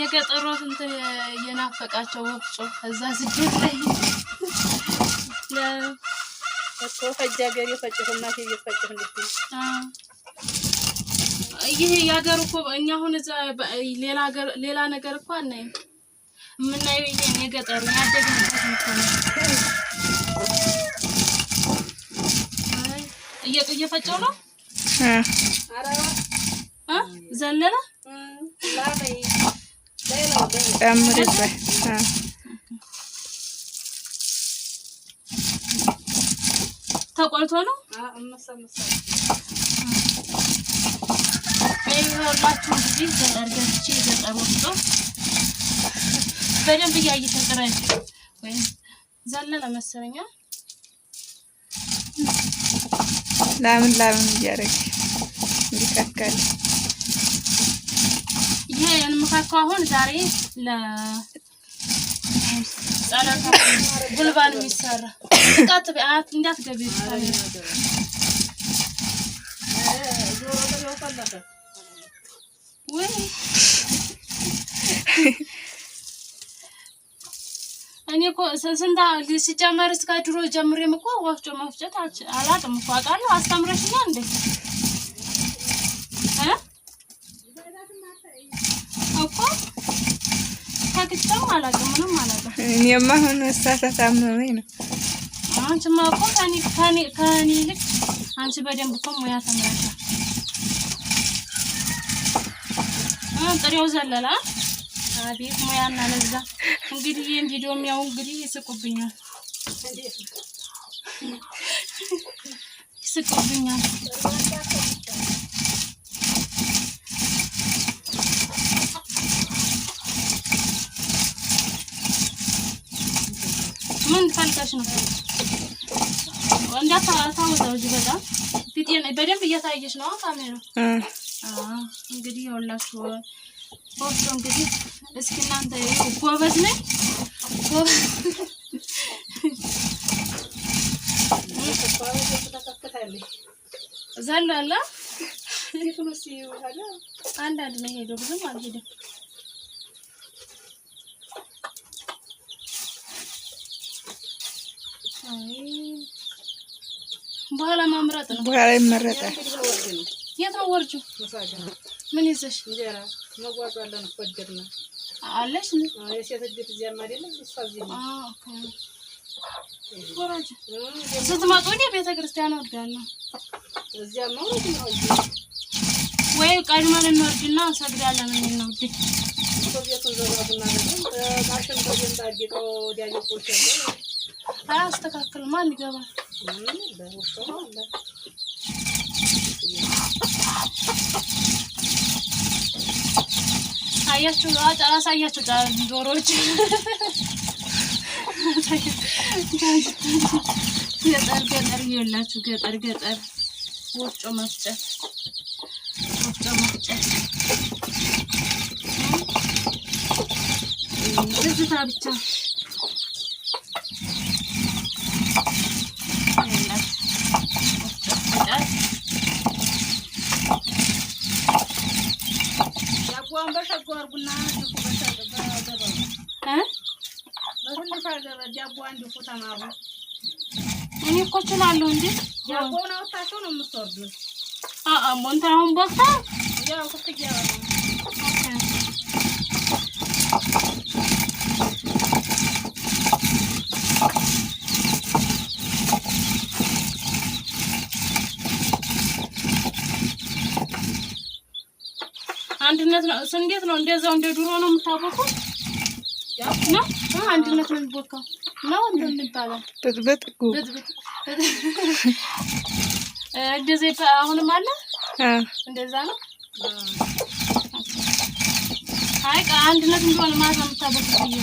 የገጠሩ እንትን የናፈቃቸው ወፍጮ እዛ ስደት ላይ እኮ የሀገር እኮ እኛ አሁን እዛ ሌላ ነገር እኮ አናይም። የምናየው ይሄን የገጠሩ ያደግንበት ነው። እየፈጨው ነው ዘለለ ጨምርበት ተቆልቶ ነው ይኸውላችሁ እንግዲህ ገጠር ገብቼ ገጠር ወስዶ በደንብ እያየተጥረጅ ወይም ዘለለ መሰለኛ ላምን ላምን እያደረግሽ እንዲከከል ይሄ የምካካው አሁን ዛሬ ለጸሎት ጉልባን የሚሰራ ጥቃት ቢያት እንዳትገቢ ወይ እኔ እኮ ስንታ ሲጨመር እስከ ድሮ ጀምሬም እኮ ወፍጮ መፍጨት አላውቅም እኮ አውቃለሁ። አስተምረሽኛ እንዴ? እኮ ተግጨም አላውቅም፣ ምንም አላውቅም። እኔማ አሁን እሳት ታመመኝ ነው። አንቺማ እኮ ከእኔ ይልቅ አንቺ በደንብ እኮ ሙያ ተምረሻል። ጥሬው ዘለላ አቤት ሙያና ለዛ። እንግዲህ ይህን ቪዲዮ የሚያው እንግዲህ ይስቁብኛል፣ ይስቁብኛል። ምን ፈልጋሽ ነው? እንዳታወዛው እዚህ በጣም ፊቴን በደንብ እያሳየሽ ነው ካሜራ። እንግዲህ ይኸውላችሁ ወፍጮ እንግዲህ እስኪ እናንተ ጎበዝ ነኝ ዘላላ አንዳንድ ነው የሄደው ብዙም አልሄደም። በኋላ ማምረጥ ነው። በኋላ ይመረጣል። የት ነው ወርጂው? ምን ይዘሽ እንጀራ መጓጓ አለን እኮ እድር ነው አለሽ። የሴት እድር እዚያም አይደለም እሷ እዚህ ነው። ስትመጡ እኔ ቤተ ክርስቲያን እወርዳለሁ። እዚያም መውረድ ነው ወይ ቀድመን እንወርድና እንሰግዳለን። እኔ ነው እድል ቤቱን ዘጋቡና ማሽን ታጌጦ ዲያቆች ያለ አያስተካክልም። ማን ይገባል? አያችሁ፣ ጨረሳ አያችሁ፣ ዶሮዎች ገጠር ገጠር እየላችሁ ገጠር ገጠር ወጮ መፍጨት ወጮ መፍጨት ብቻ እኔ እኮ እችላለሁ እንዴ? ጃቦውን አውጥታችሁ ነው የምትወርዱት? እንትን አሁን ቦክታ አንድነት ነው። እንዴት ነው እንደዛው እንደ ድሮ ነው የምታቦካው ነው አንድነት ነው የሚቦካው ነው እንደምን ብጥብጥ ብጥብጥ እንደዚህ አሁንም አለ እንደዛ ነው። አይ አንድነት እንደሆነ ማለት ነው የምታቦከው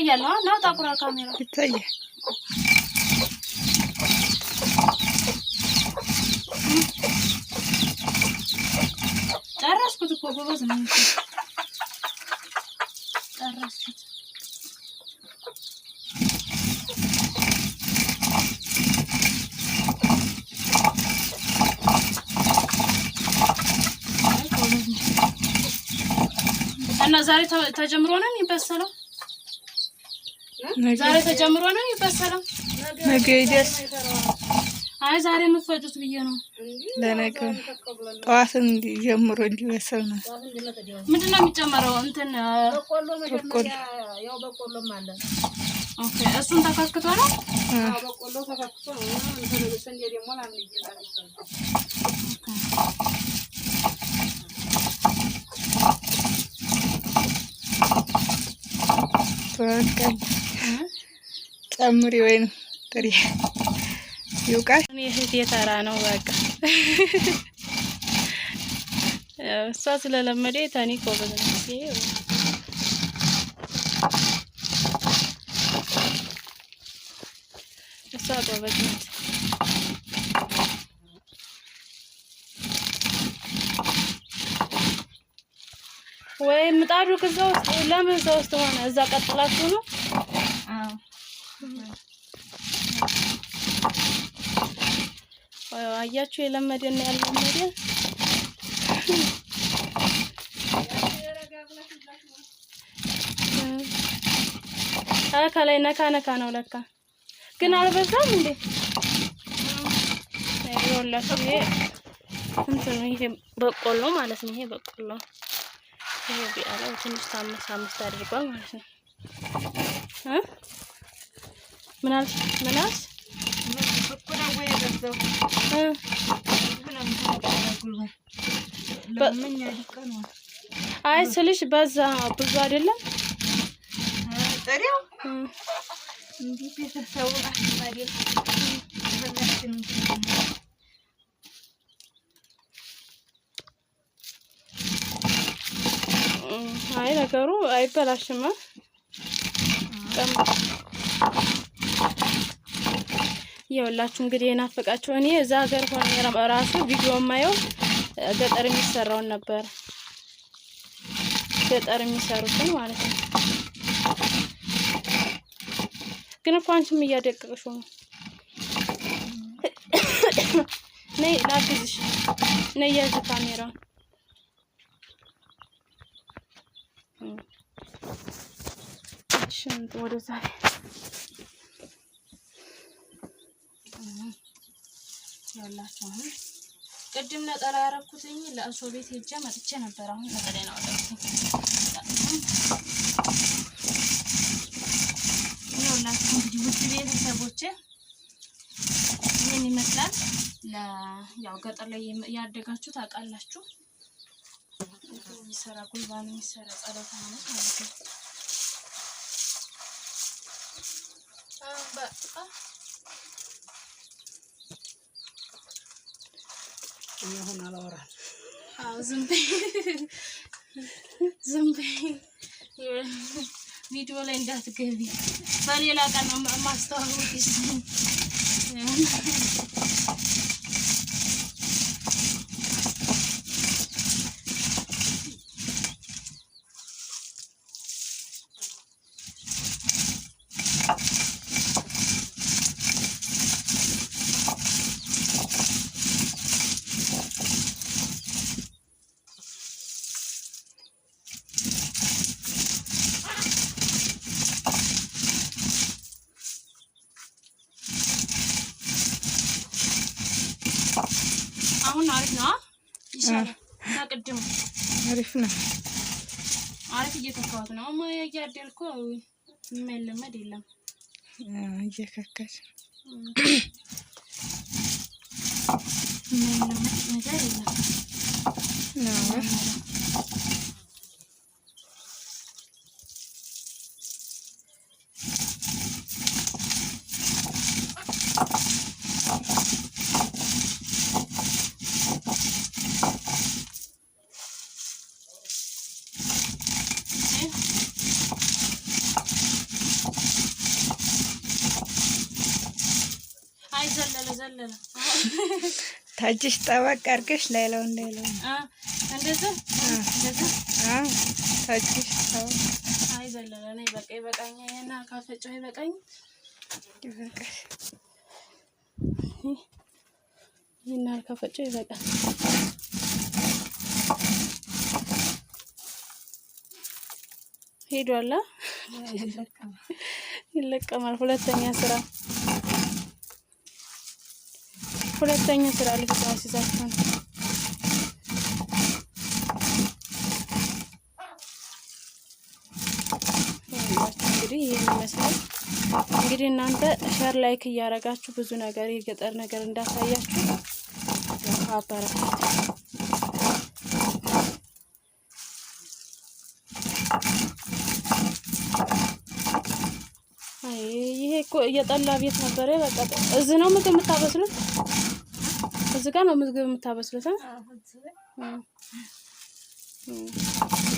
ይታያል። ናውጣ ካሜራ ይታያል። ጨረስኩት እኮ ጎበዝ ነው። እና ዛሬ ተጀምሮ ነው የሚበሰለው። ዛሬ ተጀምሮ ነው ይበሰላል። ነገ ይደርስ። አይ ዛሬ የምትፈጩት ብዬ ነው። ለነገ ጠዋት ጀምሮ እንዲበስል ነው። ምንድን ነው የሚጨመረው? እንትን በቆሎ እሱን ተከክቶ ነው። በቆሎ ተከክቶ ነው። ጨምሪ ወይም ጥሪ ይውቃሽ። የእህቴ ተራ ነው በቃ እሷ ስለለመደ ታኒ ኮበዝ ነው። እሷ ጎበዝ ናት። ወይ ምጣዱ ከዛ ውስጥ ለምን እዛ ውስጥ ሆነ? እዛ ቀጥላችሁ ነው አያችሁ፣ የለመደና ያልለመደ ከላይ ነካ ነካ ነው ለካ። ግን አልበዛም እንዴ? ይኸውላችሁ ይሄ እንትን ይሄ በቆሎ ማለት ነው። ይሄ በቆሎ ይሄ ቢያለው ትንሽ አምስት አምስት አድርጓል ማለት ነው። ምን አልሽ? ምን አልሽ? እዛው አይ ስልሽ በዛ ብዙ አይደለም ጥሬው እንዲህ ቤተሰቡን አይ ነገሩ አይበላሽማ። ይኸውላችሁ እንግዲህ የናፈቃችሁ እኔ እዛ ሀገር ሆነ ራሱ ቪዲዮ ማየው ገጠር የሚሰራውን ነበር ገጠር የሚሰሩትን ማለት ነው። ግን እኮ አንቺም እያደቀቅሽው ነው። ነይ ላግዝሽ፣ ነይ ያዥ ካሜራውን። እሺ ያላችሁ አሁን ቅድም ነጠላ ያረኩትኝ ለእሱ ቤት ሄጄ መጥቼ ነበር። አሁን ነጠላ ነው ያላችሁ እንግዲህ ውድ ቤተሰቦቼ ይህን ይመስላል። ያው ገጠር ላይ ያደጋችሁ ታውቃላችሁ። የሚሰራ ጉልባን የሚሰራ ጸሎት ማለት ማለት ነው። እኔ አሁን አላወራም። አዎ ዝም በይ ዝም በይ፣ ቪዲዮ ላይ እንዳትገቢ። በሌላ ቀን ማስተዋወቅ ቅድሙ አሪፍ ነው። አሪፍ እየተካሁት ነው። እያደልኩ የሚያለመድ የለም እየከከች የሚያለመድ ነገር የለም። ታጅሽ ጠበቅ አድርገሽ ላይለው እንዳይለው ይበቃል። ሄዷላ ይለቀማል። ሁለተኛ ስራ ሁለተኛ ስራ ልግዛ ሲዛችሁ እንግዲህ ይህን ይመስላል። እንግዲህ እናንተ ሸር ላይክ እያደረጋችሁ ብዙ ነገር የገጠር ነገር እንዳሳያችሁ አበረታችሁ። ይሄ እኮ እየጠላ ቤት ነበረ። በቃ እዚህ ነው ምግብ የምታበስሉት። እዚህ ጋር ነው ምግብ የምታበስሉት?